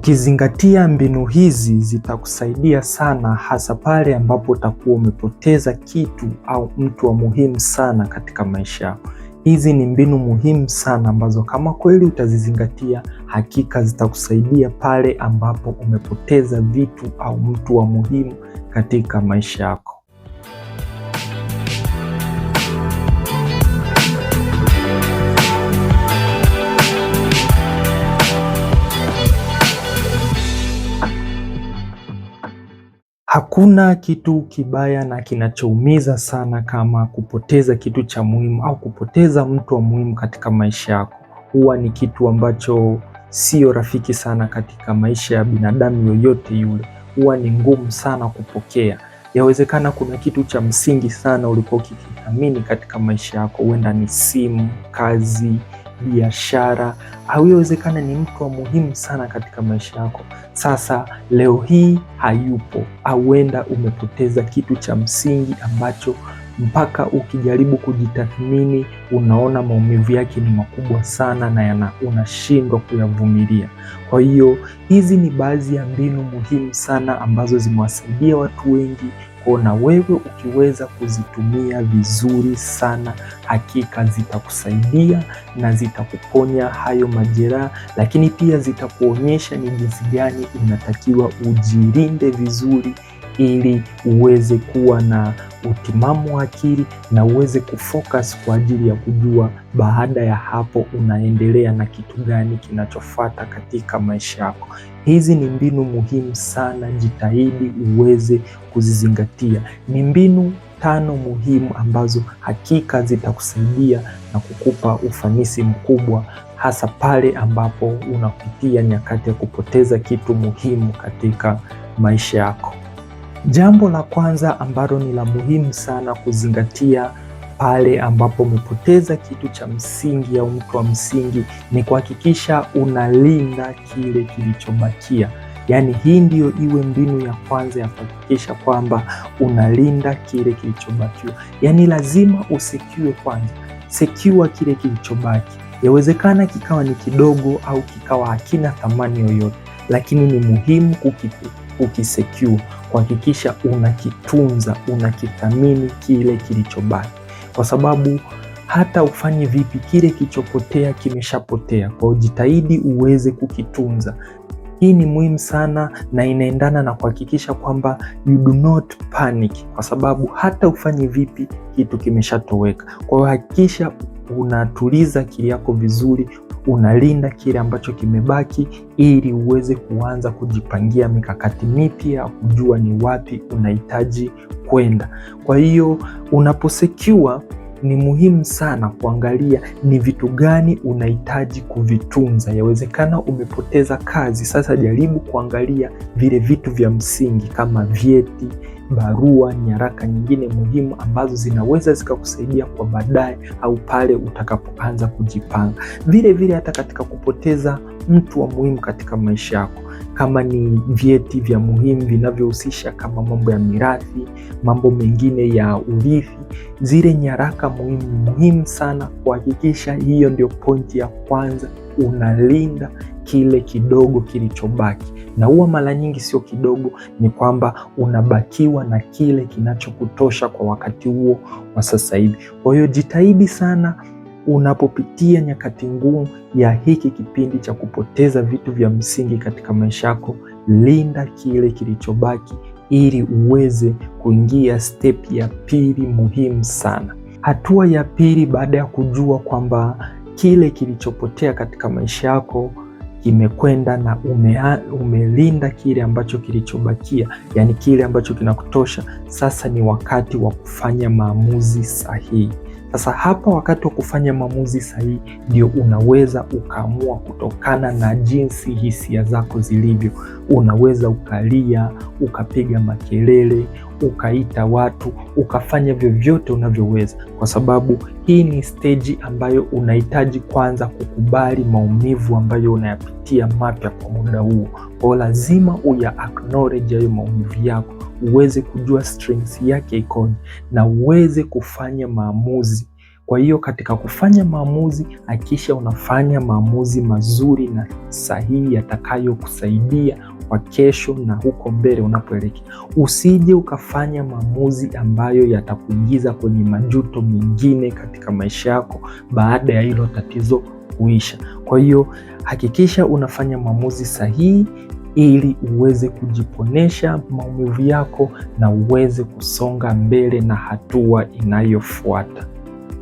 Ukizingatia mbinu hizi zitakusaidia sana, hasa pale ambapo utakuwa umepoteza kitu au mtu wa muhimu sana katika maisha yako. Hizi ni mbinu muhimu sana ambazo kama kweli utazizingatia, hakika zitakusaidia pale ambapo umepoteza vitu au mtu wa muhimu katika maisha yako. Hakuna kitu kibaya na kinachoumiza sana kama kupoteza kitu cha muhimu au kupoteza mtu wa muhimu katika maisha yako. Huwa ni kitu ambacho sio rafiki sana katika maisha ya binadamu yoyote yule, huwa ni ngumu sana kupokea. Yawezekana kuna kitu cha msingi sana ulikuwa ukikithamini katika maisha yako, huenda ni simu, kazi biashara iwezekana ni mtu wa muhimu sana katika maisha yako. Sasa leo hii hayupo, auenda umepoteza kitu cha msingi ambacho mpaka ukijaribu kujitathmini unaona maumivu yake ni makubwa sana na unashindwa kuyavumilia. Kwa hiyo hizi ni baadhi ya mbinu muhimu sana ambazo zimewasaidia watu wengi kuona, na wewe ukiweza kuzitumia vizuri sana, hakika zitakusaidia na zitakuponya hayo majeraha, lakini pia zitakuonyesha ni jinsi gani unatakiwa ujilinde vizuri ili uweze kuwa na utimamu wa akili na uweze kufocus kwa ajili ya kujua baada ya hapo unaendelea na kitu gani kinachofuata katika maisha yako. Hizi ni mbinu muhimu sana, jitahidi uweze kuzizingatia. Ni mbinu tano muhimu ambazo hakika zitakusaidia na kukupa ufanisi mkubwa hasa pale ambapo unapitia nyakati ya kupoteza kitu muhimu katika maisha yako. Jambo la kwanza ambalo ni la muhimu sana kuzingatia pale ambapo umepoteza kitu cha msingi au mtu wa msingi ni kuhakikisha unalinda kile kilichobakia. Yaani, hii ndiyo iwe mbinu ya kwanza ya kuhakikisha kwamba unalinda kile kilichobakiwa. Yaani lazima usekiwe kwanza, sekiwa kile kilichobaki. Yawezekana kikawa ni kidogo au kikawa hakina thamani yoyote, lakini ni muhimu kukitu ukisecure, kuhakikisha unakitunza, unakithamini kile kilichobaki, kwa sababu hata ufanye vipi, kile kilichopotea kimeshapotea. Kwa hiyo jitahidi uweze kukitunza. Hii ni muhimu sana na inaendana na kuhakikisha kwamba you do not panic, kwa sababu hata ufanye vipi kitu kimeshatoweka. Kwa hiyo hakikisha unatuliza akili yako vizuri, unalinda kile ambacho kimebaki, ili uweze kuanza kujipangia mikakati mipya ya kujua ni wapi unahitaji kwenda. Kwa hiyo unaposecure ni muhimu sana kuangalia ni vitu gani unahitaji kuvitunza. Yawezekana umepoteza kazi, sasa jaribu kuangalia vile vitu vya msingi kama vyeti, barua, nyaraka nyingine muhimu ambazo zinaweza zikakusaidia kwa baadaye au pale utakapoanza kujipanga. Vile vile hata katika kupoteza mtu wa muhimu katika maisha yako, kama ni vyeti vya muhimu vinavyohusisha kama mambo ya mirathi, mambo mengine ya urithi, zile nyaraka muhimu muhimu sana kuhakikisha. Hiyo ndio pointi ya kwanza, unalinda kile kidogo kilichobaki, na huwa mara nyingi sio kidogo, ni kwamba unabakiwa na kile kinachokutosha kwa wakati huo wa sasa hivi. Kwa hiyo jitahidi sana unapopitia nyakati ngumu ya hiki kipindi cha kupoteza vitu vya msingi katika maisha yako, linda kile kilichobaki ili uweze kuingia step ya pili muhimu sana. Hatua ya pili baada ya kujua kwamba kile kilichopotea katika maisha yako kimekwenda na umea, umelinda kile ambacho kilichobakia, yaani kile ambacho kinakutosha. Sasa ni wakati wa kufanya maamuzi sahihi. Sasa hapa, wakati wa kufanya maamuzi sahihi, ndio unaweza ukaamua kutokana na jinsi hisia zako zilivyo. Unaweza ukalia, ukapiga makelele ukaita watu, ukafanya vyovyote unavyoweza, kwa sababu hii ni steji ambayo unahitaji kwanza kukubali maumivu ambayo unayapitia mapya kwa muda huo. Kwao lazima uya acknowledge hayo maumivu yako, uweze kujua strength yake ikoje, na uweze kufanya maamuzi kwa hiyo katika kufanya maamuzi, hakikisha unafanya maamuzi mazuri na sahihi yatakayokusaidia kwa kesho na huko mbele unapoelekea. Usije ukafanya maamuzi ambayo yatakuingiza kwenye majuto mengine katika maisha yako baada ya hilo tatizo kuisha. Kwa hiyo hakikisha unafanya maamuzi sahihi ili uweze kujiponesha maumivu yako na uweze kusonga mbele na hatua inayofuata.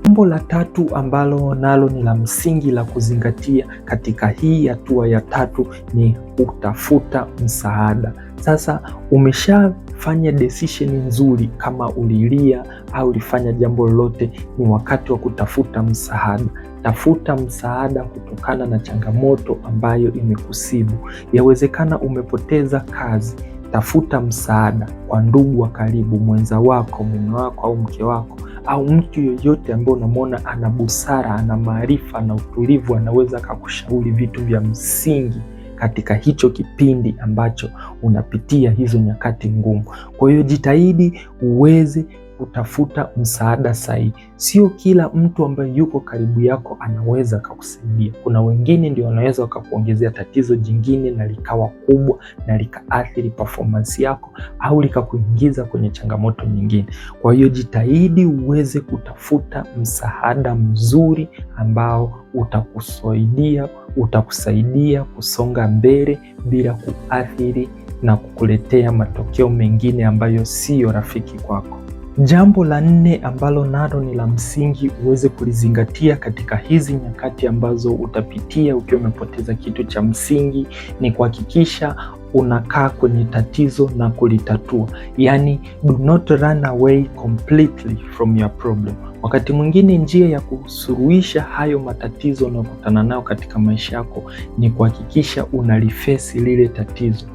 Jambo la tatu ambalo nalo ni la msingi la kuzingatia katika hii hatua ya tatu ni kutafuta msaada. Sasa umeshafanya decision nzuri, kama ulilia au ulifanya jambo lolote, ni wakati wa kutafuta msaada. Tafuta msaada kutokana na changamoto ambayo imekusibu. Yawezekana umepoteza kazi, tafuta msaada kwa ndugu wa karibu, mwenza wako, mume wako au mke wako au mtu yoyote ambaye unamwona ana busara, ana maarifa na utulivu, anaweza akakushauri vitu vya msingi katika hicho kipindi ambacho unapitia hizo nyakati ngumu. Kwa hiyo jitahidi uweze kutafuta msaada sahihi. Sio kila mtu ambaye yuko karibu yako anaweza akakusaidia. Kuna wengine ndio wanaweza wakakuongezea tatizo jingine na likawa kubwa na likaathiri performance yako au likakuingiza kwenye changamoto nyingine. Kwa hiyo jitahidi uweze kutafuta msaada mzuri ambao utakusaidia utakusaidia kusonga mbele bila kuathiri na kukuletea matokeo mengine ambayo siyo rafiki kwako. Jambo la nne ambalo nalo ni la msingi uweze kulizingatia katika hizi nyakati ambazo utapitia ukiwa umepoteza kitu cha msingi ni kuhakikisha unakaa kwenye tatizo na kulitatua, yani do not run away completely from your problem. Wakati mwingine njia ya kusuluhisha hayo matatizo unayokutana nayo katika maisha yako ni kuhakikisha unalifesi lile tatizo.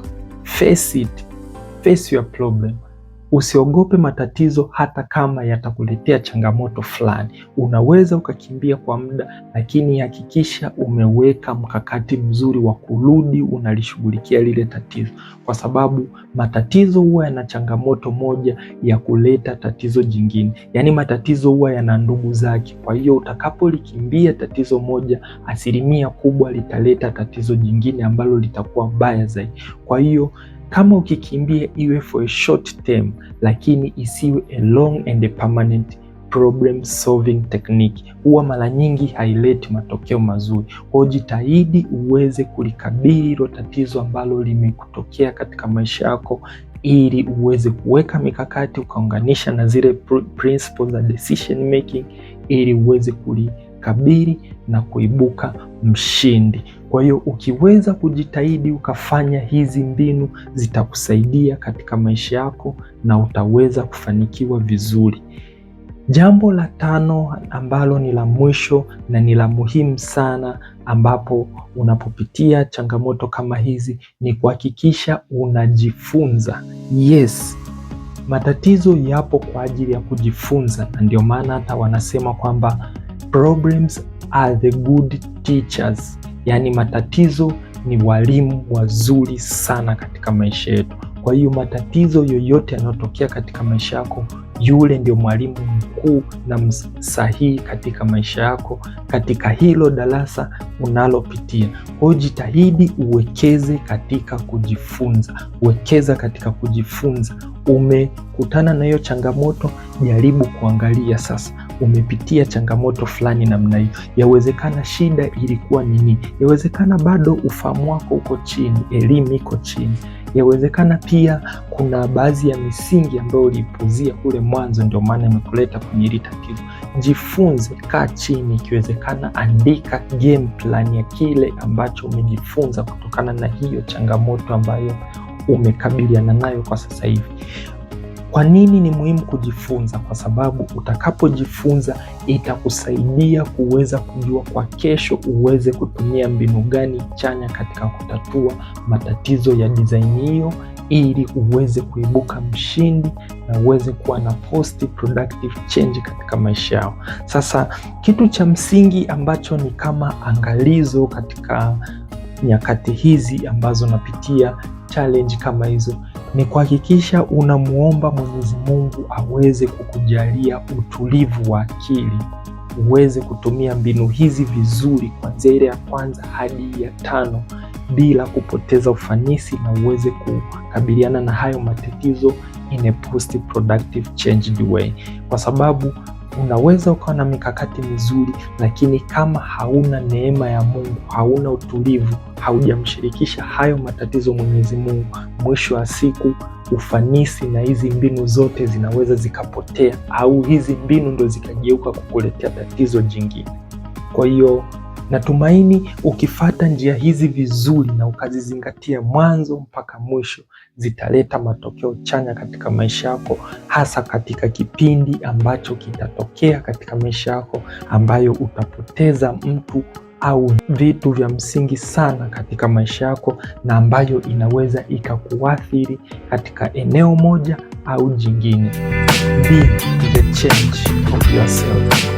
Face it, face your problem. Usiogope matatizo, hata kama yatakuletea changamoto fulani. Unaweza ukakimbia kwa muda, lakini hakikisha umeweka mkakati mzuri wa kurudi unalishughulikia lile tatizo, kwa sababu matatizo huwa yana changamoto moja ya kuleta tatizo jingine. Yaani matatizo huwa yana ndugu zake. Kwa hiyo utakapolikimbia tatizo moja, asilimia kubwa litaleta tatizo jingine ambalo litakuwa baya zaidi. Kwa hiyo kama ukikimbia iwe for a short term, lakini isiwe a long and a permanent problem solving technique. Huwa mara nyingi haileti matokeo mazuri. Kwa jitahidi uweze kulikabili hilo tatizo ambalo limekutokea katika maisha yako ili uweze kuweka mikakati ukaunganisha na zile principles za decision making ili uweze kuli kumkabili na kuibuka mshindi. Kwa hiyo ukiweza kujitahidi ukafanya hizi mbinu, zitakusaidia katika maisha yako na utaweza kufanikiwa vizuri. Jambo la tano ambalo ni la mwisho na ni la muhimu sana, ambapo unapopitia changamoto kama hizi, ni kuhakikisha unajifunza. Yes, matatizo yapo kwa ajili ya kujifunza, na ndio maana hata wanasema kwamba Problems are the good teachers, yaani matatizo ni walimu wazuri sana katika maisha yetu. Kwa hiyo matatizo yoyote yanayotokea katika maisha yako, yule ndio mwalimu mkuu na msahihi katika maisha yako, katika hilo darasa unalopitia. Kwa hiyo jitahidi uwekeze katika kujifunza, wekeza katika kujifunza. Umekutana na hiyo changamoto, jaribu kuangalia sasa umepitia changamoto fulani namna hiyo, yawezekana shida ilikuwa nini, yawezekana bado ufahamu wako uko chini, elimu iko chini, yawezekana pia kuna baadhi ya misingi ambayo uliipuzia kule mwanzo, ndio maana imekuleta kwenye hili tatizo. Jifunze, kaa chini, ikiwezekana andika game plan ya kile ambacho umejifunza kutokana na hiyo changamoto ambayo umekabiliana nayo kwa sasa hivi. Kwa nini ni muhimu kujifunza? Kwa sababu utakapojifunza itakusaidia kuweza kujua kwa kesho uweze kutumia mbinu gani chanya katika kutatua matatizo ya dizaini hiyo, ili uweze kuibuka mshindi na uweze kuwa na positive productive change katika maisha yao. Sasa kitu cha msingi ambacho ni kama angalizo katika nyakati hizi ambazo napitia challenge kama hizo ni kuhakikisha unamuomba Mwenyezi Mungu aweze kukujalia utulivu wa akili, uweze kutumia mbinu hizi vizuri, kuanzia ile ya kwanza hadi ya tano bila kupoteza ufanisi, na uweze kukabiliana na hayo matatizo in a post productive changed way, kwa sababu Unaweza ukawa na mikakati mizuri, lakini kama hauna neema ya Mungu, hauna utulivu, haujamshirikisha hayo matatizo Mwenyezi Mungu, mwisho wa siku ufanisi na hizi mbinu zote zinaweza zikapotea, au hizi mbinu ndo zikageuka kukuletea tatizo jingine. Kwa hiyo Natumaini ukifata njia hizi vizuri na ukazizingatia mwanzo mpaka mwisho, zitaleta matokeo chanya katika maisha yako, hasa katika kipindi ambacho kitatokea katika maisha yako ambayo utapoteza mtu au vitu vya msingi sana katika maisha yako, na ambayo inaweza ikakuathiri katika eneo moja au jingine. Be the change of yourself.